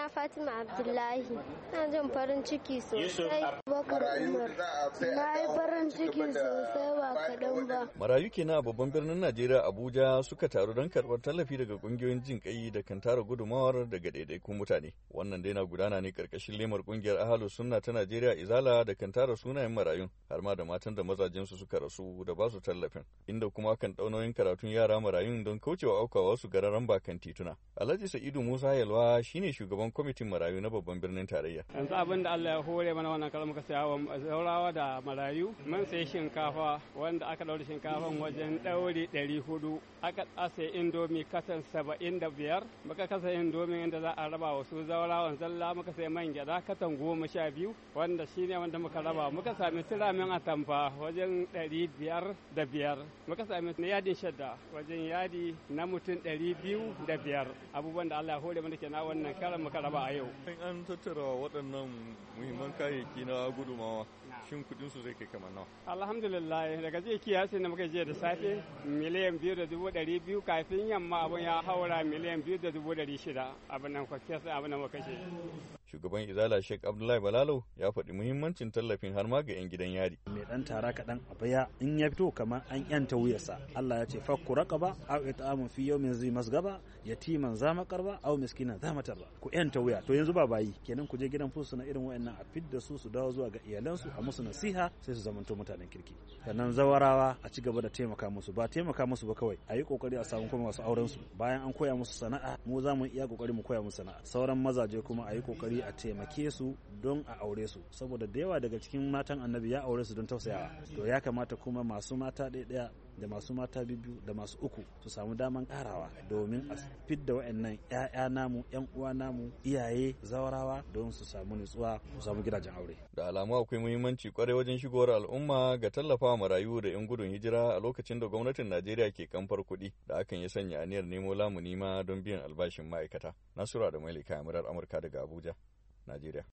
na Fatima Abdullahi. Na jin farin ciki sosai. Bakar Umar. farin ciki sosai ba kaɗan ba. Marayu kenan a babban birnin Najeriya Abuja suka taru don karbar tallafi daga kungiyoyin jin ƙai da kan tara gudumawar daga ɗaiɗaikun mutane. Wannan dai na gudana ne karkashin lemar kungiyar Ahalu Sunna ta Najeriya Izala da kan tara sunayen marayun har ma da matan da mazajensu suka rasu da basu tallafin. Inda kuma kan ɗaunoyin karatun yara marayun don kaucewa aukawa su gararan bakan tituna. Alhaji Sa'idu Musa Yalwa shine shugaban shugaban kwamitin marayu na babban birnin tarayya. Yanzu abin da Allah ya hore mana wannan kalmar ka saya wa zaurawa da marayu mun sai shinkafa wanda aka daure shinkafan wajen ɗauri ɗari hudu aka asa indomi kasan saba'in da biyar muka kasa indomi inda za a raba wasu zaurawan zalla muka sai man gyada katan goma sha biyu wanda shine wanda muka raba muka sami turamin atamfa wajen ɗari biyar da biyar muka sami na yadin shadda wajen yadi na mutum ɗari biyu da biyar abubuwan da Allah ya hore mana kenan wannan karan muka aka raba a yau in an tattara waɗannan muhimman kayayyaki na gudumawa shin kudin su zai kai kamar nawa alhamdulillah daga jiya sai na muka jiya da safe miliyan biyu da dubu ɗari biyu kafin yamma abun ya haura miliyan biyu da dubu ɗari shida abin nan kwakiyar abin nan kashe shugaban izala sheik abdullahi balalo ya faɗi muhimmancin tallafin har ma ga 'yan gidan yari mai ɗan tara kaɗan a baya in ya fito kamar an yanta wuyarsa allah ya ce fakku raqaba aw it'amun fi yawmin zi masgaba yatiman za makarba aw miskina za matarba ku yanta wuya to yanzu ba bayi kenan ku je gidan fusu na irin wayannan a fidda su su dawo zuwa ga iyalansu a musu nasiha sai su zamanto mutanen kirki sannan zawarawa a ci gaba da taimaka musu ba taimaka musu ba kawai a yi kokari a samu kuma masu auren su bayan an koya musu sana'a mu za mu iya kokari mu koya musu sana'a sauran mazaje kuma a yi kokari a taimake su don a aure su saboda da yawa daga cikin matan annabi ya aure su don tausayawa to ya kamata kuma masu mata ɗaya da masu mata biyu da masu uku su samu daman karawa domin a fidda wa'annan 'ya'ya namu 'yan uwa namu iyaye zawarawa don su samu nutsuwa su samu gidajen aure da alamu akwai muhimmanci kwarai wajen shigowar al'umma ga tallafawa marayu da 'yan gudun hijira a lokacin da gwamnatin najeriya ke kamfar kuɗi da akan ya sanya aniyar nemo lamuni ma don biyan albashin ma'aikata nasura da lika murar amurka daga abuja najeriya